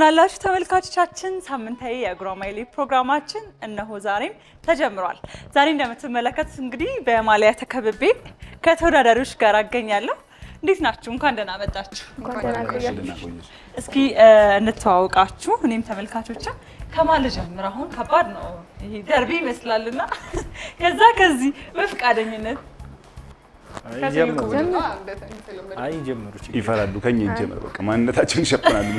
እንደምናላችሁ ተመልካቾቻችን ሳምንታዊ የእግሯ ፕሮግራማችን እነሆ ዛሬም ተጀምሯል። ዛሬ እንደምትመለከቱት እንግዲህ በማሊያ ተከብቤ ከተወዳዳሪዎች ጋር አገኛለሁ። እንዴት ናችሁ? እንኳን ደህና መጣችሁ። እስኪ እንተዋውቃችሁ፣ እኔም ተመልካቾችን ከማን ልጀምር? አሁን ከባድ ነው ይሄ ደርቢ ይመስላልና ከዛ ከዚህ በፍቃደኝነት ይፈራሉ። ከኛ ይጀምር። በቃ ማንነታችን ይሸፍናሉ።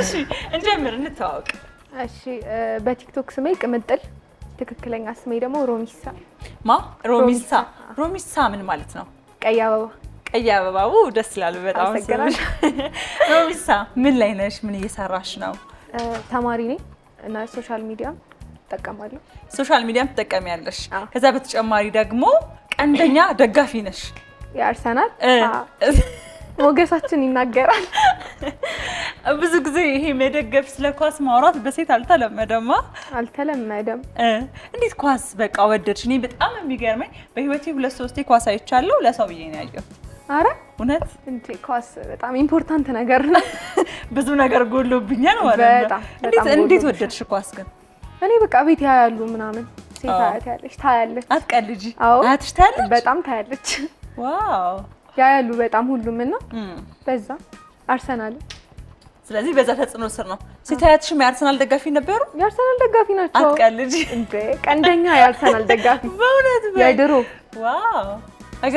እሺ እንጀምር፣ እንተዋወቅ። እሺ በቲክቶክ ስሜ ቅምጥል፣ ትክክለኛ ስሜ ደግሞ ሮሚሳ። ማ ሮሚሳ? ሮሚሳ ምን ማለት ነው? ቀይ አበባ። ቀይ አበባ ደስ ይላል በጣም። ሮሚሳ ምን ላይ ነሽ? ምን እየሰራሽ ነው? ተማሪ ነኝ እና ሶሻል ሚዲያ እጠቀማለሁ። ሶሻል ሚዲያም ትጠቀሚያለሽ። ከዛ በተጨማሪ ደግሞ ቀንደኛ ደጋፊ ነሽ የአርሰናል። ሞገሳችን ይናገራል። ብዙ ጊዜ ይሄ መደገፍ ስለ ኳስ ማውራት በሴት አልተለመደማ፣ አልተለመደም። እንዴት ኳስ በቃ ወደድሽ? እኔ በጣም የሚገርመኝ በህይወቴ ሁለት ሶስቴ ኳስ አይቻለሁ፣ ለሰው ብዬ ነው ያየው። አረ እውነት እንዴ! ኳስ በጣም ኢምፖርታንት ነገር ነው። ብዙ ነገር ጎሎብኛል ማለት ነው። እንዴት ወደድሽ ኳስ ግን? እኔ በቃ ቤት ያያሉ ምናምን ሴት አያት ታያለች። አትቀልጂ። አያትሽ ታያለች፣ በጣም ታያለች። ዋው ያያሉ በጣም ሁሉም እና በዛ አርሰናል ስለዚህ በዛ ተጽዕኖ ስር ነው። ሲታያትሽም የአርሰናል ደጋፊ ነበሩ? የአርሰናል ደጋፊ ናቸው። አትቀልጂ። ቀንደኛ የአርሰናል ደጋፊ በእውነት የድሮ ዋው።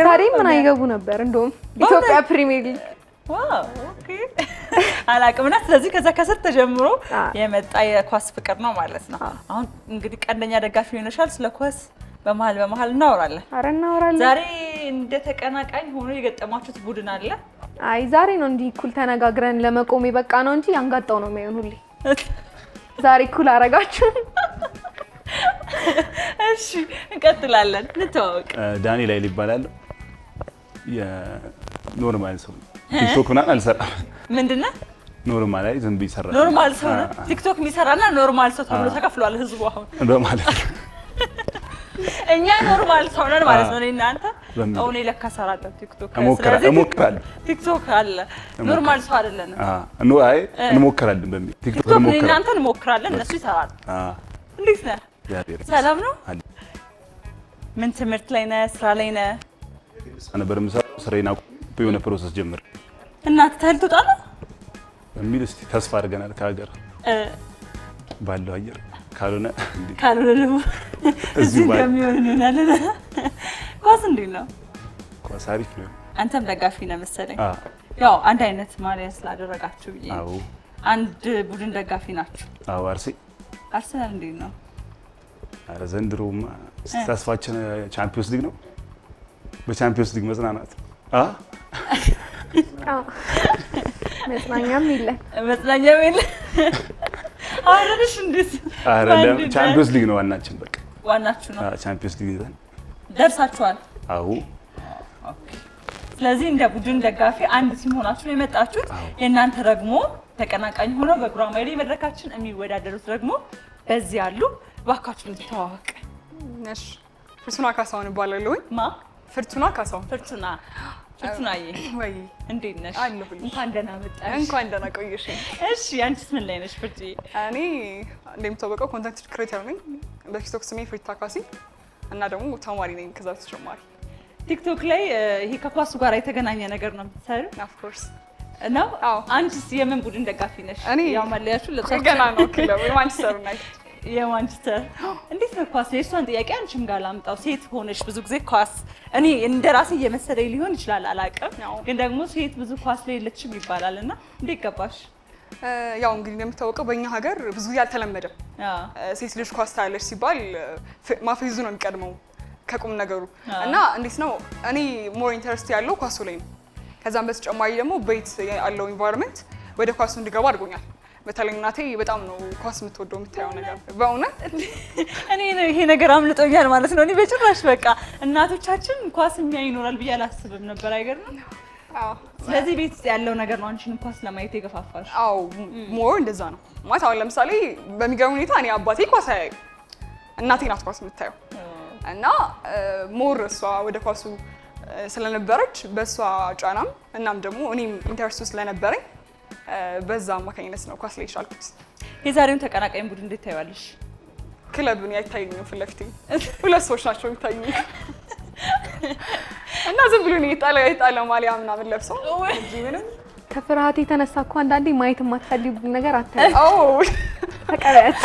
ዛሬ ምን አይገቡ ነበር እንደውም ኢትዮጵያ ፕሪሚየር ሊግ አላቅምና ስለዚህ ከዛ ከስር ተጀምሮ የመጣ የኳስ ፍቅር ነው ማለት ነው። አሁን እንግዲህ ቀንደኛ ደጋፊ ይሆነሻል። ስለ ኳስ በመሀል በመሀል እናወራለን። ኧረ እናወራለን። ዛሬ እንደ ተቀናቃኝ ሆኖ የገጠማችሁት ቡድን አለ? አይ ዛሬ ነው እንዲህ እኩል ተነጋግረን ለመቆም የበቃ ነው እንጂ ያንጋጣው ነው የሚሆን ሁሌ ዛሬ እኩል አረጋችሁ። እሺ እንቀጥላለን። እንተዋወቅ። ዳንኤል ኃይል ይባላል። የኖርማል ሰው ቲክቶክ ምናምን አልሰራም። ምንድን ነው ኖርማል አይ ዝም ቢሰራ ኖርማል ሰው ነው ቲክቶክ የሚሰራና ኖርማል ሰው ተብሎ ተከፍሏል ህዝቡ አሁን በማለት ነው። እኛ ኖርማል ሰው ነን ማለት ነው። እኔና አንተ አሁን ለካ እሰራለሁ ቲክቶክ እሞክራለሁ። ቲክቶክ አለ ኖርማል ሰው አይደለንም። አይ እንሞክራለን በሚል ቲክቶክ እኔና አንተ እንሞክራለን፣ እነሱ ይሰራሉ። እንዴት ነህ? ሰላም ነው። ምን ትምህርት ላይ ነህ? ስራ ላይ ነህ? ነበር የምሰራው ስራዬን አቁ የሆነ ፕሮሰስ ጀምር እና ተህል ትወጣ ነው በሚል እስቲ ተስፋ አድርገናል። ከሀገር ባለው አየር ካልሆነ ካልሆነ ደግሞ እዚህ እንደሚሆን ይሆናል። ኳስ እንዴት ነው? ኳስ አሪፍ ነው። አንተም ደጋፊ ነህ መሰለኝ። ያው አንድ አይነት ማሊያ ስላደረጋችሁ ብዬ አንድ ቡድን ደጋፊ ናችሁ? አዎ። አርሴ አርሰናል እንዴት ነው? አረ ዘንድሮማ ተስፋችን ቻምፒዮንስ ሊግ ነው። በቻምፒዮንስ ሊግ መጽናናት መጽናኛም የለም መጽናኛም የለም። አረሽ እንዴት አይደለም። ቻምፒዮንስ ሊግ ነው ዋናችን። በቃ ዋናችሁ ነው ቻምፒዮንስ ሊግ ይዘን ደርሳችኋል። አዎ። ስለዚህ እንደ ቡድን ደጋፊ አንድ ሲሆን ሆናችሁ ነው የመጣችሁት። የእናንተ ደግሞ ተቀናቃኝ ሆነው በጉራማይሌ መድረካችን የሚወዳደሩት ደግሞ በዚህ አሉ እባካችሁ ልትተዋወቅ። እሺ፣ ፍርቱና ካሳሁን እባላለሁ። ማ? ፍርቱና ካሳሁን። ፍርቱና ፍጹማዬ ወይ እንዴት ነሽ? አለሁኝ። እንኳን ደህና መጣሽ። እንኳን ደህና ቆየሽ። እሺ አንቺስ ምን ላይ ነሽ ፍርጂ? እኔ እንደሚታወቀው ኮንተንት ክሬተር ነኝ። በቲክቶክ ስሜ ፍሪታ ካሲ እና ደግሞ ተማሪ ነኝ። ከዛ በተጨማሪ ቲክቶክ ላይ ይሄ ከኳሱ ጋር የተገናኘ ነገር ነው የምትሰሪው? ኦፍኮርስ ነው። አንቺስ የምን ቡድን ደጋፊ ነሽ? ያው ማለያችሁ ለጣ ገና ነው ክለብ ማንቸስተር ዩናይትድ የማንችስተር እንዴት ነው ኳስ? የእሷን ጥያቄ አንቺም ጋር ላምጣው። ሴት ሆነች ብዙ ጊዜ ኳስ እኔ እንደ ራሴ እየመሰለኝ ሊሆን ይችላል አላውቅም፣ ግን ደግሞ ሴት ብዙ ኳስ ላይ የለችም ይባላል እና እንዴት ገባሽ? ያው እንግዲህ እንደሚታወቀው በእኛ ሀገር ብዙ አልተለመደም ሴት ልጅ ኳስ ታያለች ሲባል ማፌዙ ነው የሚቀድመው ከቁም ነገሩ እና እንዴት ነው እኔ ሞር ኢንተረስት ያለው ኳሱ ላይ ነው። ከዛም በተጨማሪ ደግሞ ቤት ያለው ኢንቫይሮንመንት ወደ ኳሱ እንዲገባ አድርጎኛል። በተለይ እናቴ በጣም ነው ኳስ የምትወደው የምታየው ነገር። በእውነት እኔ ነው ይሄ ነገር አምልጦኛል ማለት ነው። እኔ በጭራሽ በቃ እናቶቻችን ኳስ የሚያይ ይኖራል ብዬ አላስብም ነበር። አይገርም? ስለዚህ ቤት ውስጥ ያለው ነገር ነው አንቺን ኳስ ለማየት የገፋፋሽ? አዎ ሞር እንደዛ ነው ማለት። አሁን ለምሳሌ በሚገርም ሁኔታ እኔ አባቴ ኳስ አያዩ፣ እናቴ ናት ኳስ የምታየው እና ሞር እሷ ወደ ኳሱ ስለነበረች በእሷ ጫናም እናም ደግሞ እኔም ኢንተርስቱ ስለነበረኝ በዛ አማካኝነት ነው ኳስ ላይ የቻልኩት። የዛሬውን ተቀናቃኝ ቡድን እንዴት ታይዋለሽ? ክለብን አይታየኝም። ፊት ለፊት ሁለት ሰዎች ናቸው የሚታዩኝ እና ዝም ብሎ የጣለ የጣለ ማሊያ ምናምን ለብሰው ምንም ከፍርሃት የተነሳ እኮ አንዳንዴ ማየት የማትፈልጉ ነገር አተቀበያት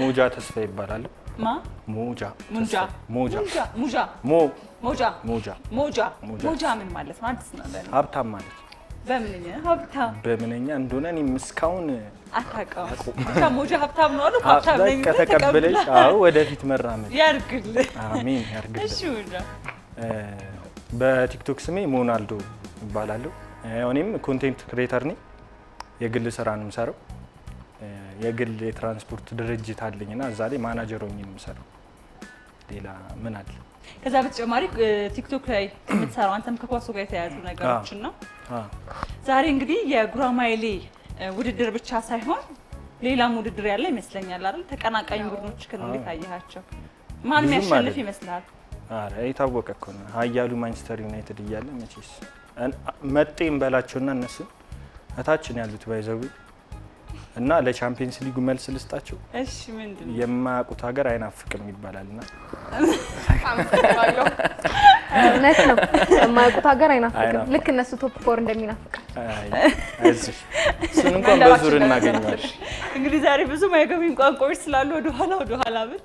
ሙጃ ተስፋ ይባላል ሙጃ ሙጃ ሙጃ ሙጃ ሞጃ ሞጃ ሞጃ ሞጃ ምን ማለት ነው? አዲስ ነገር ሀብታም ማለት በምንኛ ሀብታም በምንኛ እንደሆነ እኔም እስካሁን አታውቀውም። ሞጃ ሀብታም ነው አሉ ሀብታም ነኝ ከተቀበለሽ፣ አዎ ወደፊት መራመድ ያርግልህ። አሜን ያርግልህ። እሺ ሞጃ በቲክቶክ ስሜ ሞናልዶ እባላለሁ። እኔም ኮንቴንት ክሬተር ነኝ። የግል ስራ ነው የምሰራው። የግል የትራንስፖርት ድርጅት አለኝና እዛ ላይ ማናጀር ሆኜ ነው የምሰራው። ሌላ ምን አለ? ከዛ በተጨማሪ ቲክቶክ ላይ የምትሰራው አንተም ከኳሱ ጋር የተያያዙ ነገሮችን ነው። ዛሬ እንግዲህ የጉራማይሌ ውድድር ብቻ ሳይሆን ሌላም ውድድር ያለ ይመስለኛል አይደል? ተቀናቃኝ ቡድኖች ከነ እንዴት አየሃቸው? ማን የሚያሸንፍ ይመስልሃል? አረ የታወቀ እኮ ነው ኃያሉ ማንቸስተር ዩናይትድ እያለ መቼስ መጤ እንበላቸውና እነሱ እታችን ያሉት ባይዘቡ እና ለቻምፒየንስ ሊጉ መልስ ልስጣቸው። እሺ፣ ምንድን ነው የማያውቁት ሀገር አይናፍቅም ይባላል እና እውነት ነው። የማያውቁት ሀገር አይናፍቅም፣ ልክ እነሱ ቶፕ ፎር እንደሚናፍቃል። እሱን እንኳን በዙር እናገኘዋል። እንግዲህ ዛሬ ብዙ ማይገቡኝ ቋንቋዎች ስላሉ ወደኋላ ወደኋላ ብል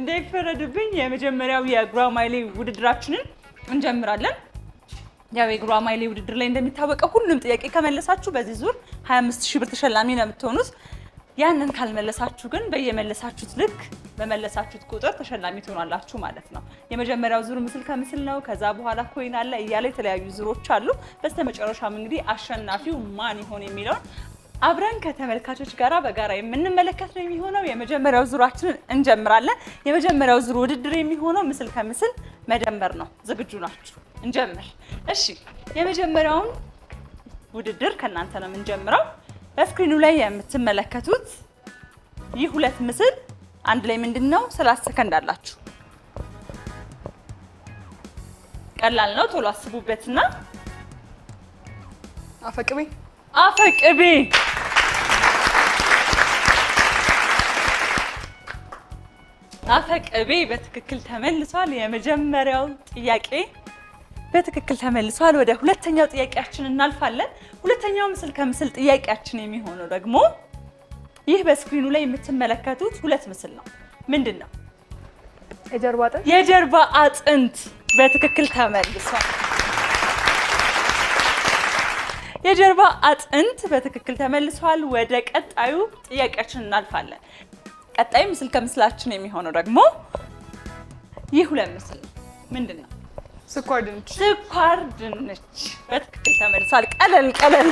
እንዳይፈረድብኝ የመጀመሪያው የጉራማይሌ ውድድራችንን እንጀምራለን። ያው የግሯ ማይሌ ውድድር ላይ እንደሚታወቀው ሁሉም ጥያቄ ከመለሳችሁ በዚህ ዙር 25 ሺህ ብር ተሸላሚ ነው የምትሆኑት። ያንን ካልመለሳችሁ ግን በየመለሳችሁት ልክ በመለሳችሁት ቁጥር ተሸላሚ ትሆናላችሁ ማለት ነው። የመጀመሪያው ዙር ምስል ከምስል ነው። ከዛ በኋላ ኮይን አለ እያለ የተለያዩ ዙሮች አሉ። በስተመጨረሻም እንግዲህ አሸናፊው ማን ይሆን የሚለውን አብረን ከተመልካቾች ጋር በጋራ የምንመለከት ነው የሚሆነው። የመጀመሪያው ዙራችንን እንጀምራለን። የመጀመሪያው ዙር ውድድር የሚሆነው ምስል ከምስል መደመር ነው። ዝግጁ ናችሁ? እንጀምር። እሺ፣ የመጀመሪያውን ውድድር ከእናንተ ነው የምንጀምረው። በስክሪኑ ላይ የምትመለከቱት ይህ ሁለት ምስል አንድ ላይ ምንድን ነው? ሰላሳ ሰከንድ አላችሁ። ቀላል ነው። ቶሎ አስቡበትና አፈቅቤ አፈቅቤ ቅቤ በትክክል ተመልሷል። የመጀመሪያው ጥያቄ በትክክል ተመልሷል። ወደ ሁለተኛው ጥያቄያችን እናልፋለን። ሁለተኛው ምስል ከምስል ጥያቄያችን የሚሆነው ደግሞ ይህ በስክሪኑ ላይ የምትመለከቱት ሁለት ምስል ነው። ምንድን ነው? የጀርባ አጥንት በትክክል ተመልሷል። የጀርባ አጥንት በትክክል ተመልሷል። ወደ ቀጣዩ ጥያቄያችን እናልፋለን። ቀጣይ ምስል ከምስላችን የሚሆነው ደግሞ ይህ ሁለት ምስል ምንድን ነው? ስኳር ድንች። ስኳር ድንች በትክክል ተመልሷል። ቀለል ቀለል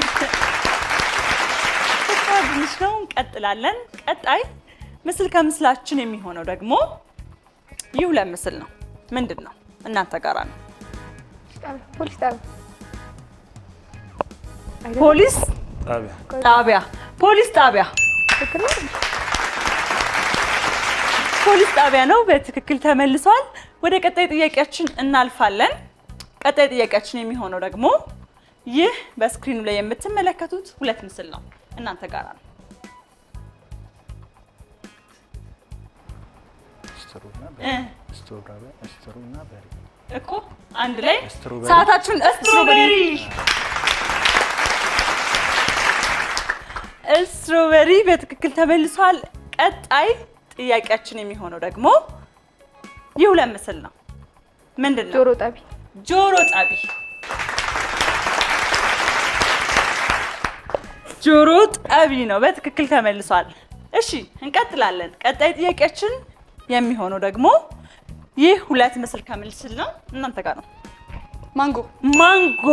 ስኳር ድንች ነው። እንቀጥላለን። ቀጣይ ምስል ከምስላችን የሚሆነው ደግሞ ይህ ሁለት ምስል ነው። ምንድን ነው? እናንተ ጋራ ነው። ፖሊስ ጣቢያ ፖሊስ ጣቢያ ፖሊስ ጣቢያ ነው። በትክክል ተመልሷል። ወደ ቀጣይ ጥያቄያችን እናልፋለን። ቀጣይ ጥያቄያችን የሚሆነው ደግሞ ይህ በስክሪኑ ላይ የምትመለከቱት ሁለት ምስል ነው፣ እናንተ ጋራ ነው። እኮ አንድ ላይ ሰዓታችሁን ስትሮበሪ ስትሮበሪ በትክክል ተመልሷል። ቀጣይ ጥያቄያችን የሚሆነው ደግሞ የሁለት ምስል ነው። ምንድን ነው? ጆሮ ጣቢ። ጆሮ ጣቢ ጆሮ ጣቢ ነው። በትክክል ተመልሷል። እሺ እንቀጥላለን። ቀጣይ ጥያቄያችን የሚሆነው ደግሞ ይህ ሁለት ምስል ከምልስል ነው። እናንተ ጋር ነው። ማንጎ ማንጎ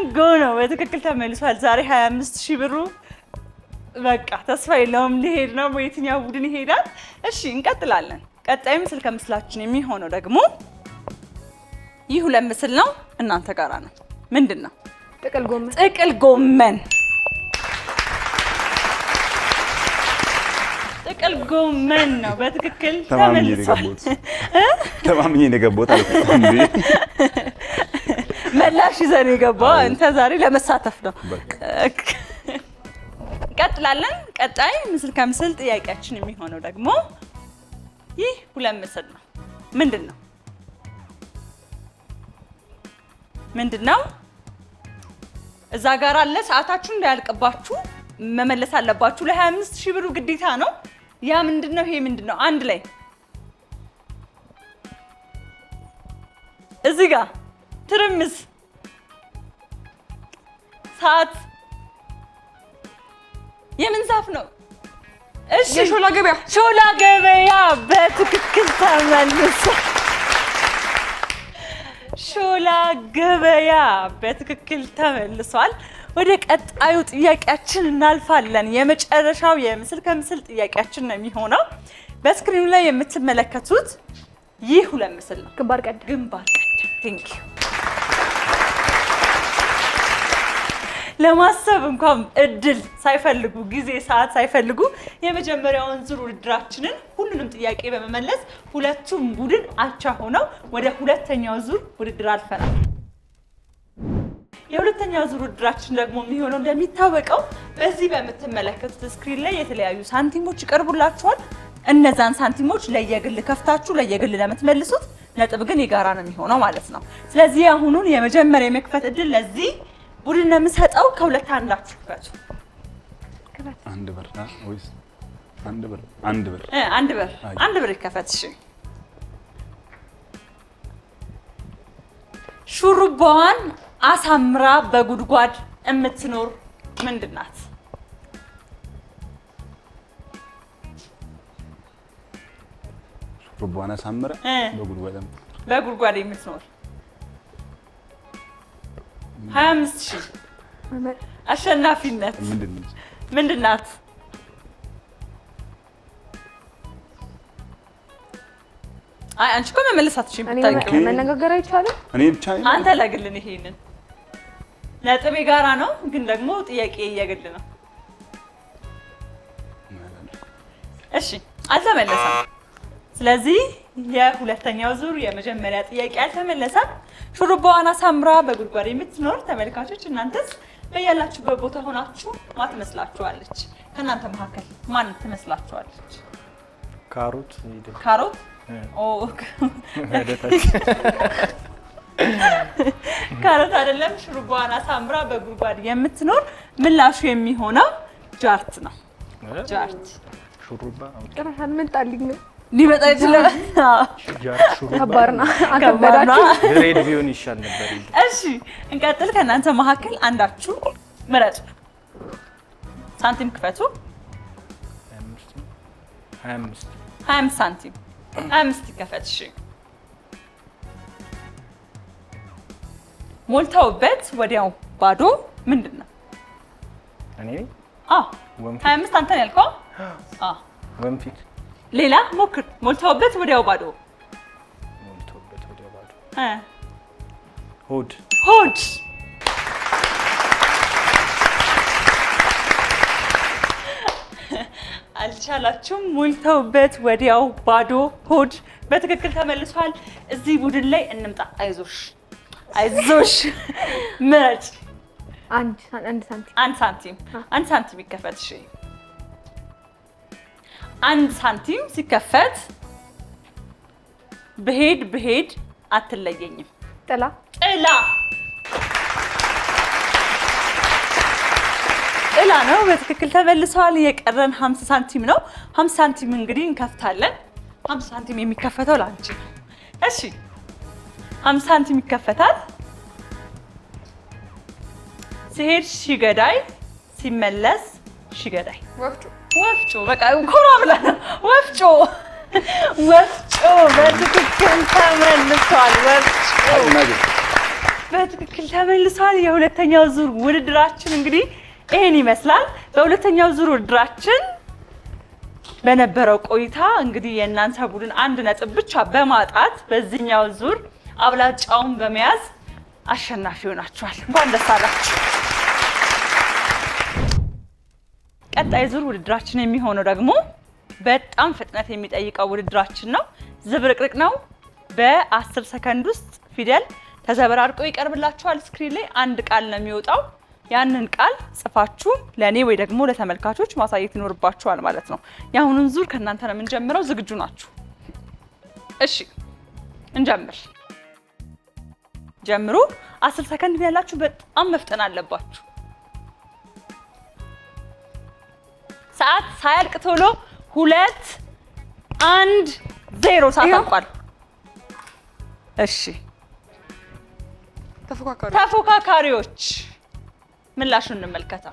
ቢንጎ ነው በትክክል ተመልሷል። ዛሬ 25 ሺህ ብሩ በቃ ተስፋ የለውም ሊሄድ ነው። በየትኛው ቡድን ይሄዳል? እሺ እንቀጥላለን። ቀጣይ ምስል ከምስላችን የሚሆነው ደግሞ ይህ ሁለት ምስል ነው። እናንተ ጋራ ነው። ምንድን ነው? ጥቅል ጎመን። ጥቅል ጎመን ጥቅል ጎመን ነው በትክክል ተመልሷል። ተማምኜ ነው የገባሁት ከላሽ ይዘን የገባ እንተ ዛሬ ለመሳተፍ ነው። ቀጥላለን? ቀጣይ ምስል ከምስል ጥያቄያችን የሚሆነው ደግሞ ይህ ሁለት ምስል ነው። ምንድን ነው ምንድን ነው? እዛ ጋር አለ። ሰዓታችሁን እንዳያልቅባችሁ መመለስ አለባችሁ። ለ25 ሺህ ብሩ ግዴታ ነው። ያ ምንድን ነው? ይሄ ምንድን ነው? አንድ ላይ እዚህ ጋር ትርምስ ሰዓት የምን ዛፍ ነው? እሺ ሾላ ገበያ፣ ሾላ ገበያ በትክክል ተመልሶ ሾላ ገበያ በትክክል ተመልሷል። ወደ ቀጣዩ ጥያቄያችን እናልፋለን። የመጨረሻው የምስል ከምስል ጥያቄያችን ነው የሚሆነው። በስክሪኑ ላይ የምትመለከቱት ይህ ሁለት ምስል ነው። ግንባር ቀደም ግንባር ቀደም ቴንክ ዩ ለማሰብ እንኳን እድል ሳይፈልጉ ጊዜ ሰዓት ሳይፈልጉ የመጀመሪያውን ዙር ውድድራችንን ሁሉንም ጥያቄ በመመለስ ሁለቱም ቡድን አቻ ሆነው ወደ ሁለተኛው ዙር ውድድር አልፈናል። የሁለተኛው ዙር ውድድራችን ደግሞ የሚሆነው እንደሚታወቀው በዚህ በምትመለከቱት ስክሪን ላይ የተለያዩ ሳንቲሞች ይቀርቡላችኋል። እነዛን ሳንቲሞች ለየግል ከፍታችሁ ለየግል ለምትመልሱት ነጥብ ግን የጋራ ነው የሚሆነው ማለት ነው። ስለዚህ አሁኑን የመጀመሪያ የመክፈት እድል ለዚህ ቡድን ነው የምሰጠው። ከሁለት አንዳችሁ ክፈቱ። አንድ ብር ወይስ አንድ ብር? አንድ ብር አንድ ብር አንድ ብር ይከፈት። እሺ ሹሩባዋን አሳምራ በጉድጓድ የምትኖር ምንድን ናት? ሹሩባዋን አሳምራ በጉድጓድ የምትኖር ሀያ አምስት ሺህ አሸናፊነት ምንድን ናት? አይ አንቺ እኮ መመለስ አትችይም። ብታውቂው መነጋገር አይቻልም። እኔ ብቻ አንተ ለግልን ይሄንን ነጥብ የጋራ ነው፣ ግን ደግሞ ጥያቄ የግል ነው። እሺ አልተመለሰም። ስለዚህ የሁለተኛው ዙር የመጀመሪያ ጥያቄ አልተመለሰም። ሹሩባዋን አሳምራ በጉድጓድ የምትኖር ተመልካቾች፣ እናንተስ በያላችሁበት ቦታ ሆናችሁ ማ ትመስላችኋለች? ከእናንተ መካከል ማን ትመስላችኋለች? ካሮት ካሮት ካሮት አይደለም። ሹሩባዋን አሳምራ በጉድጓድ የምትኖር ምላሹ የሚሆነው ጃርት ነው። ጃርት ሹሩባ ምን ጣልኝ ነው ሊመጣ ይችላል። ከባድና ግሬድ ቢሆን ይሻል ነበር። እሺ እንቀጥል። ከእናንተ መካከል አንዳችሁ ምረጡ። ሳንቲም ክፈቱ። ሀያ አምስት ሳንቲም ሀያ አምስት ይከፈት። እሺ ሞልተውበት ወዲያው ባዶ ምንድን ነው? እኔ ሀያ አምስት አንተን ያልከው ወንፊት ሌላ ሞክር። ሞልተውበት ወዲያው ባዶ። ሞልተውበት ወዲያው ባዶ። ሆድ ሆድ። አልቻላችሁም። ሞልተውበት ወዲያው ባዶ ሆድ በትክክል ተመልሷል። እዚህ ቡድን ላይ እንምጣ። አይዞሽ አይዞሽ። ምረጭ። አንድ ሳንቲም አንድ ሳንቲም አንድ ሳንቲም ይከፈት። እሺ አንድ ሳንቲም ሲከፈት ብሄድ ብሄድ አትለየኝም። ጥላ ጥላ ጥላ ነው። በትክክል ተመልሰዋል። የቀረን 50 ሳንቲም ነው። 50 ሳንቲም እንግዲህ እንከፍታለን። 50 ሳንቲም የሚከፈተው ላንቺ ነው። እሺ 50 ሳንቲም ይከፈታል። ሲሄድ ሺ ገዳይ ሲመለስ ሽገዳይ ወፍጮ ወፍጮ በቃ ኮራ ብላ ወፍጮ ወፍጮ በትክክል ተመልሷል። ወፍጮ በትክክል ተመልሷል። የሁለተኛው ዙር ውድድራችን እንግዲህ ይሄን ይመስላል። በሁለተኛው ዙር ውድድራችን በነበረው ቆይታ እንግዲህ የእናንተ ቡድን አንድ ነጥብ ብቻ በማጣት በዚህኛው ዙር አብላጫውን በመያዝ አሸናፊ ሆናችኋል። እንኳን ደስ አላችሁ። ቀጣይ ዙር ውድድራችን የሚሆነው ደግሞ በጣም ፍጥነት የሚጠይቀው ውድድራችን ነው። ዝብርቅርቅ ነው። በ10 ሰከንድ ውስጥ ፊደል ተዘበራርቆ ይቀርብላችኋል። ስክሪን ላይ አንድ ቃል ነው የሚወጣው። ያንን ቃል ጽፋችሁ ለእኔ ወይ ደግሞ ለተመልካቾች ማሳየት ይኖርባችኋል ማለት ነው። የአሁኑን ዙር ከእናንተ ነው የምንጀምረው። ዝግጁ ናችሁ? እሺ እንጀምር። ጀምሩ። 10 ሰከንድ ያላችሁ በጣም መፍጠን አለባችሁ። ሰዓት ሳያልቅ ቶሎ ሁለት አንድ ዜሮ ሰዓት አልቋል። እሺ ተፎካካሪዎች ምላሹን እንመልከታ።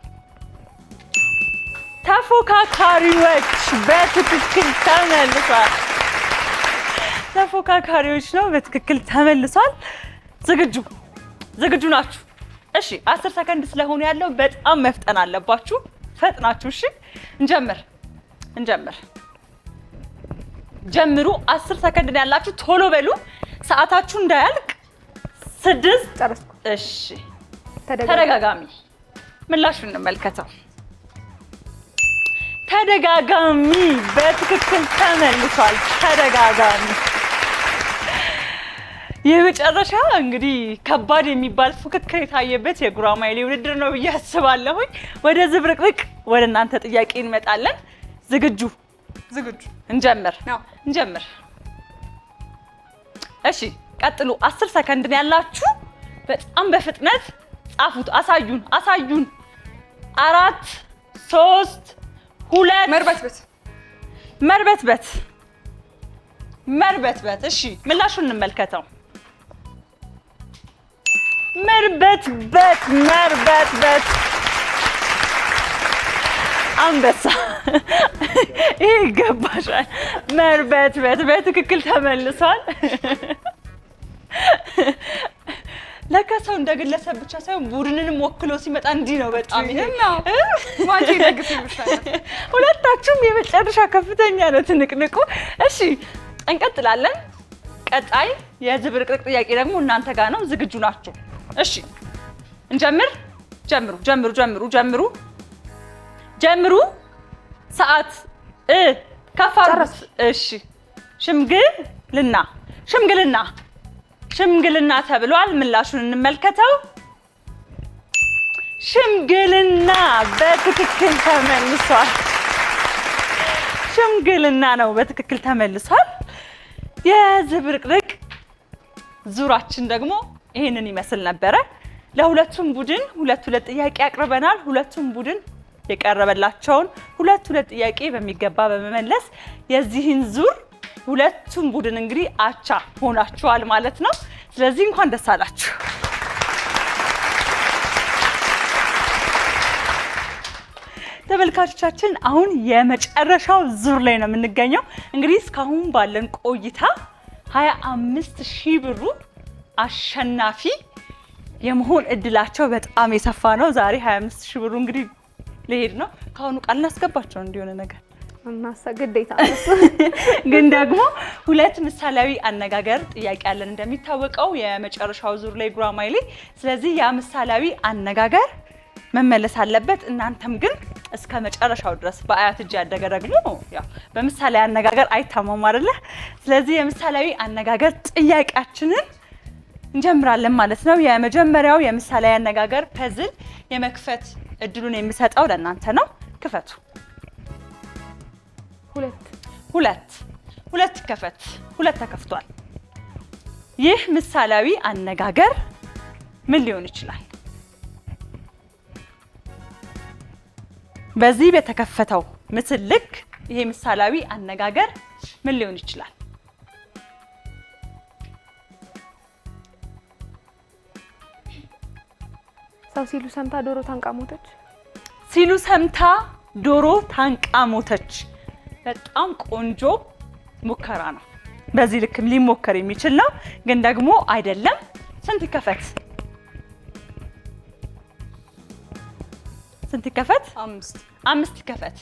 ተፎካካሪዎች በትክክል ተመልሷል። ተፎካካሪዎች ነው በትክክል ተመልሷል። ዝግጁ ዝግጁ ናችሁ? እሺ አስር ሰከንድ ስለሆነ ያለው በጣም መፍጠን አለባችሁ። ፈጥናችሁ። እሺ እንጀምር እንጀምር። ጀምሩ። አስር ሰከንድ ነው ያላችሁ። ቶሎ በሉ፣ ሰዓታችሁ እንዳያልቅ። ስድስት ጨረስኩ። እሺ ተደጋጋሚ ምላሹን እንመልከተው። ተደጋጋሚ በትክክል ተመልሷል። ተደጋጋሚ የመጨረሻ እንግዲህ ከባድ የሚባል ፉክክር የታየበት የጉራማይሌ ውድድር ነው ብዬ አስባለሁኝ። ወደ ዝብርቅርቅ ወደ እናንተ ጥያቄ እንመጣለን። ዝግጁ ዝግጁ? እንጀምር እንጀምር። እሺ ቀጥሉ። አስር ሰከንድን ያላችሁ። በጣም በፍጥነት ጻፉት። አሳዩን አሳዩን። አራት ሶስት ሁለት። መርበትበት መርበትበት መርበትበት። እሺ ምላሹን እንመልከተው። መርበትበት መርበትበት አንበሳ ይህ ይገባሻል። መርበትበት በትክክል ተመልሷል። ለካ ሰው እንደ ግለሰብ ብቻ ሳይሆን ቡድንንም ወክሎ ሲመጣ እንዲህ ነው። በጣም ሁለታችሁም የመጨረሻ ከፍተኛ ነው ትንቅንቁ። እሺ እንቀጥላለን። ቀጣይ የዝብርቅርቅ ጥያቄ ደግሞ እናንተ ጋር ነው። ዝግጁ ናችሁ? እሺ እንጀምር። ጀምሩ ጀምሩ ጀምሩ ጀምሩ ጀምሩ። ሰዓት እ ከፋ። እሺ ሽምግልና ሽምግልና ሽምግልና ተብሏል። ምላሹን እንመልከተው። ሽምግልና በትክክል ተመልሷል። ሽምግልና ነው በትክክል ተመልሷል። የዝብርቅርቅ ዙራችን ደግሞ ይህንን ይመስል ነበረ። ለሁለቱም ቡድን ሁለት ሁለት ጥያቄ አቅርበናል። ሁለቱም ቡድን የቀረበላቸውን ሁለት ሁለት ጥያቄ በሚገባ በመመለስ የዚህን ዙር ሁለቱም ቡድን እንግዲህ አቻ ሆናችኋል ማለት ነው። ስለዚህ እንኳን ደስ አላችሁ። ተመልካቾቻችን አሁን የመጨረሻው ዙር ላይ ነው የምንገኘው። እንግዲህ እስካሁን ባለን ቆይታ 25 ሺህ ብሩ አሸናፊ የመሆን እድላቸው በጣም የሰፋ ነው። ዛሬ 25 ሺህ ብሩ እንግዲህ ሊሄድ ነው። ከአሁኑ ቃል እናስገባቸው እንዲሆነ ነገር ግዴታ ግን ደግሞ ሁለት ምሳሌያዊ አነጋገር ጥያቄ አለን እንደሚታወቀው የመጨረሻው ዙር ላይ ጉራማይሌ። ስለዚህ ያ ምሳሌያዊ አነጋገር መመለስ አለበት። እናንተም ግን እስከ መጨረሻው ድረስ በአያት እጅ ያደገ ደግሞ በምሳሌ አነጋገር አይታማም አይደለ? ስለዚህ የምሳሌያዊ አነጋገር ጥያቄያችንን እንጀምራለን ማለት ነው። የመጀመሪያው የምሳሌ አነጋገር ፐዝል የመክፈት እድሉን የሚሰጠው ለእናንተ ነው። ክፈቱ። ሁለት ሁለት ሁለት ይከፈት። ሁለት ተከፍቷል። ይህ ምሳሌያዊ አነጋገር ምን ሊሆን ይችላል? በዚህ በተከፈተው ምስል ልክ ይሄ ምሳሌያዊ አነጋገር ምን ሊሆን ይችላል? መጣው ሲሉ ሰምታ ዶሮ ታንቃ ሞተች ሲሉ ሰምታ ዶሮ ታንቃ ሞተች። በጣም ቆንጆ ሙከራ ነው። በዚህ ልክም ሊሞከር የሚችል ነው፣ ግን ደግሞ አይደለም። ስንት ይከፈት? ስንት ይከፈት? አምስት አምስት ይከፈት።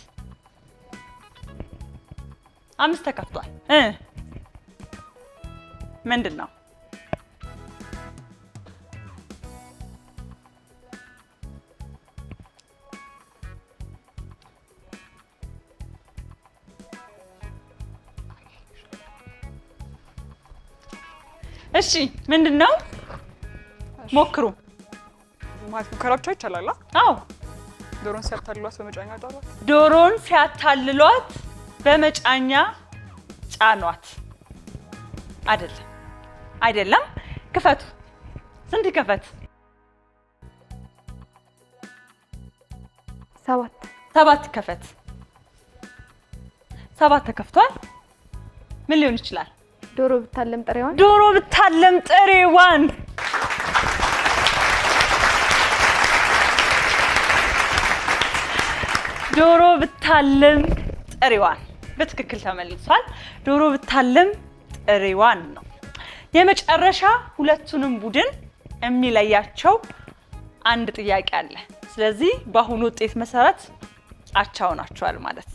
አምስት ተከፍቷል። ምንድን ነው እሺ ምንድን ነው? ሞክሩ ማለት ሙከራቸው ይቻላል። አዎ ዶሮን ሲያታልሏት በመጫኛ ጫኗት። ዶሮን ሲያታልሏት በመጫኛ ጫኗት። አይደለም አይደለም። ክፈቱ። ስንት ክፈት? ሰባት ሰባት ክፈት። ሰባት ተከፍቷል። ምን ሊሆን ይችላል? ዶሮ ብታለም ጥሬዋን ዶሮ ብታለም ጥሬዋን ዶሮ ብታለም ጥሬዋን በትክክል ተመልሷል። ዶሮ ብታለም ጥሬዋን ነው። የመጨረሻ ሁለቱንም ቡድን የሚለያቸው አንድ ጥያቄ አለ። ስለዚህ በአሁኑ ውጤት መሰረት አቻው ናቸዋል ማለት ነው።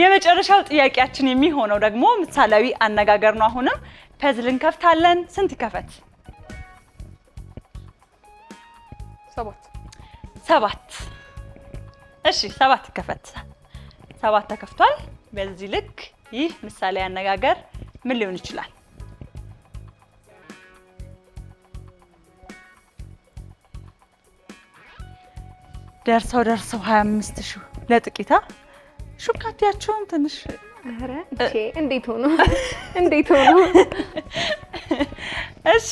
የመጨረሻው ጥያቄያችን የሚሆነው ደግሞ ምሳሌያዊ አነጋገር ነው። አሁንም ፐዝል እንከፍታለን። ስንት ከፈት? ሰባት ሰባት። እሺ ሰባት ከፈት፣ ሰባት ተከፍቷል። በዚህ ልክ ይህ ምሳሌያዊ አነጋገር ምን ሊሆን ይችላል? ደርሰው ደርሰው 25 ሺህ ለጥቂታ ሹካቲያቸውም ትንሽ ኧረ እንዴት ሆኖ እንዴት ሆኖ። እሺ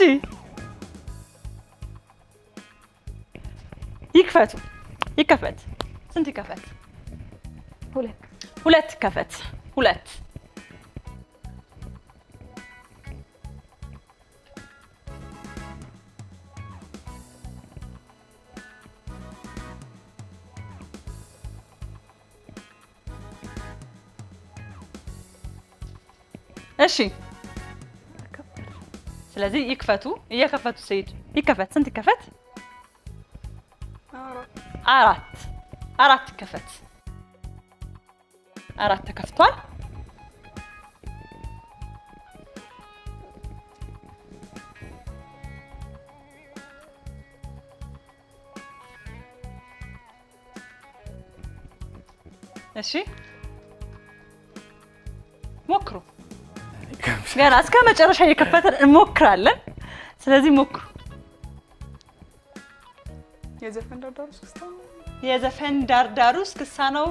ይክፈቱ። ይከፈት። ስንት ይከፈት? ሁለት ሁለት ከፈት። ሁለት ماشي لازم يكفتو هي كفات السيد هي كفات سنتي كفات أرات أرات كفات أرات كفتوان ماشي مكرو ገና እስከ መጨረሻ እየከፈትን እንሞክራለን። ስለዚህ ሞክሩ። የዘፈን ዳርዳሩ እስክስታ ነው።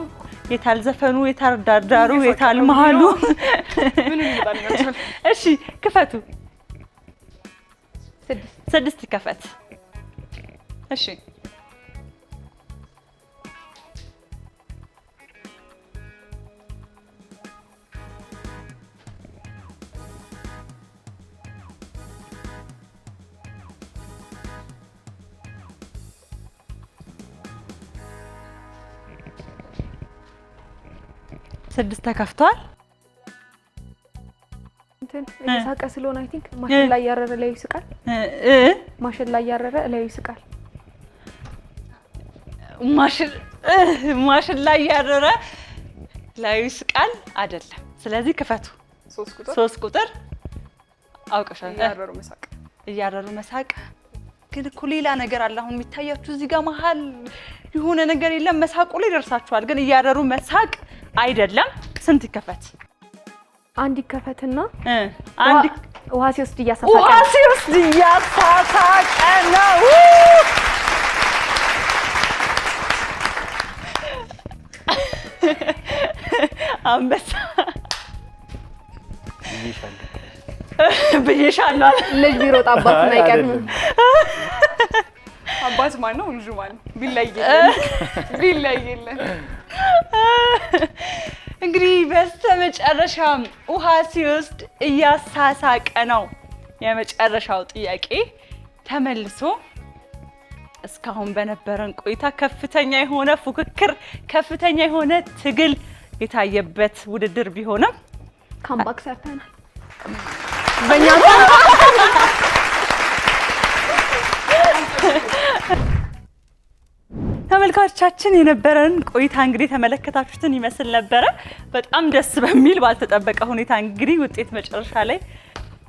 የታል ዘፈኑ? የታል ዳርዳሩ? የታል መሀሉ? እሺ ክፈቱ። ስድስት ይከፈት። እሺ ስድስት ተከፍተዋል። ሳቀ ስለሆነ አይ ቲንክ ላይ እያረረ ላይ ይስቃል። ማሽላ እያረረ ላይ ይስቃል። ማሽን ላይ እያረረ ላይ ይስቃል ማሽን ላይ እያረረ ላይ ይስቃል አይደለም ስለዚህ ክፈቱ። ሶስት ቁጥር አውቀሻል። እያረሩ መሳቅ ግን እኮ ሌላ ነገር አለ። አሁን የሚታያችሁ እዚህ ጋር መሀል የሆነ ነገር የለም። መሳቁ ላይ ደርሳችኋል። ግን እያረሩ መሳቅ አይደለም። ስንት ይከፈት? አንድ ይከፈትና አንድ ውሃ ሲወስድ እያሳሳቀ ውሃ ሲወስድ እያሳሳቀ ነው። አንበሳ ብዬሻለሁ። ልጅ ቢሮጥ አባቱን አይቀድምም። አባት ማን ነው? ልጁ ማን ነው? ቢለየልን እንግዲህ በስተመጨረሻም ውሃ ሲወስድ እያሳሳቀ ነው። የመጨረሻው ጥያቄ ተመልሶ እስካሁን በነበረን ቆይታ ከፍተኛ የሆነ ፉክክር፣ ከፍተኛ የሆነ ትግል የታየበት ውድድር ቢሆንም ካምባክ ሰርተናል። ተመልካቾቻችን የነበረን ቆይታ እንግዲህ ተመለከታችሁትን ይመስል ነበረ። በጣም ደስ በሚል ባልተጠበቀ ሁኔታ እንግዲህ ውጤት መጨረሻ ላይ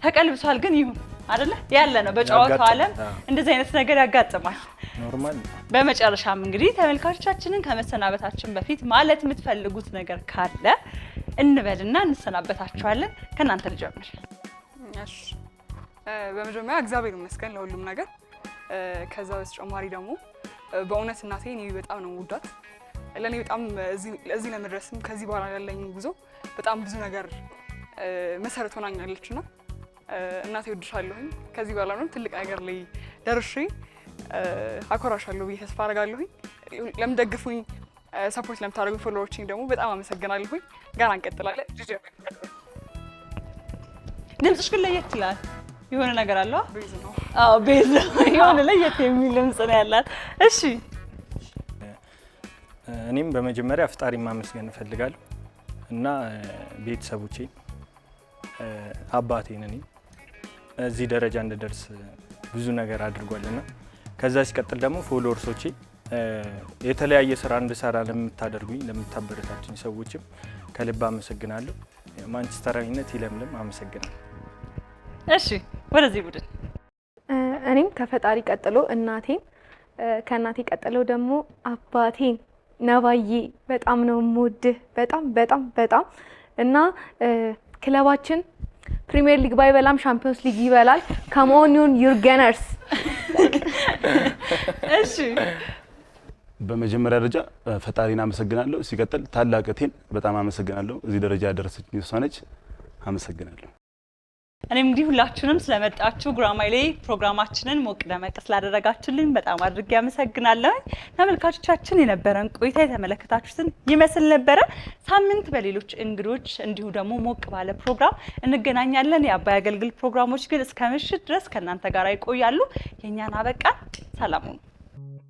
ተቀልብሷል። ግን ይሁን አይደለ ያለ ነው። በጨዋታው ዓለም እንደዚህ አይነት ነገር ያጋጥማል። ኖርማል። በመጨረሻም እንግዲህ ተመልካቾቻችንን ከመሰናበታችን በፊት ማለት የምትፈልጉት ነገር ካለ እንበልና እንሰናበታችኋለን። ከእናንተ ልጀምር። በመጀመሪያ እግዚአብሔር ይመስገን ለሁሉም ነገር። ከዛ በተጨማሪ ደግሞ በእውነት እናቴ እኔ በጣም ነው ወዳት ለእኔ በጣም እዚህ ለመድረስም ከዚህ በኋላ ያለኝ ጉዞ በጣም ብዙ ነገር መሰረት ሆናኛለች እና እናቴ ወድሻለሁኝ። ከዚህ በኋላ ነው ትልቅ ነገር ላይ ደርሼ አኮራሻለሁ ብዬ ተስፋ አደርጋለሁኝ። ለምደግፉኝ ሰፖርት ለምታደርጉ ፎሎዎችኝ ደግሞ በጣም አመሰግናለሁኝ። ጋር እንቀጥላለን። ድምፅሽ ግን ለየት ይላል። የሆነ ነገር አለ። አዎ ቤዝ ነው። የሆነ ለየት የሚል ድምጽ ነው ያላት። እሺ እኔም በመጀመሪያ ፈጣሪ ማመስገን እፈልጋለሁ እና ቤተሰቦቼን፣ አባቴን እኔ እዚህ ደረጃ እንድደርስ ብዙ ነገር አድርጓልና ከዛ ሲቀጥል ደግሞ ፎሎወርሶቼ የተለያየ ስራ እንድሰራ ለምታደርጉኝ ለምታበረታችኝ ሰዎችም ከልብ አመሰግናለሁ። ማንችስተራዊነት ይለምልም። አመሰግናለሁ። እሺ ወደዚህ ቡድን እኔም ከፈጣሪ ቀጥሎ እናቴን ከእናቴ ቀጥሎ ደግሞ አባቴን ነባዬ በጣም ነው የምወድህ በጣም በጣም በጣም እና ክለባችን ፕሪሚየር ሊግ ባይበላም ሻምፒዮንስ ሊግ ይበላል። ከመሆኑን ዩርገነርስ። እሺ በመጀመሪያ ደረጃ ፈጣሪን አመሰግናለሁ። ሲቀጥል ታላቅ እቴን በጣም አመሰግናለሁ። እዚህ ደረጃ ያደረሰችኝ እሷ ነች። አመሰግናለሁ። እኔም እንግዲህ ሁላችሁንም ስለመጣችሁ ጉራማይ ላይ ፕሮግራማችንን ሞቅ ደመቅ ስላደረጋችሁልኝ በጣም አድርጌ አመሰግናለሁ። ተመልካቾቻችን የነበረን ቆይታ የተመለከታችሁትን ይመስል ነበረ። ሳምንት በሌሎች እንግዶች እንዲሁ ደግሞ ሞቅ ባለ ፕሮግራም እንገናኛለን። የአባይ አገልግል ፕሮግራሞች ግን እስከ ምሽት ድረስ ከእናንተ ጋር ይቆያሉ። የእኛን አበቃ ሰላም ሁኑ።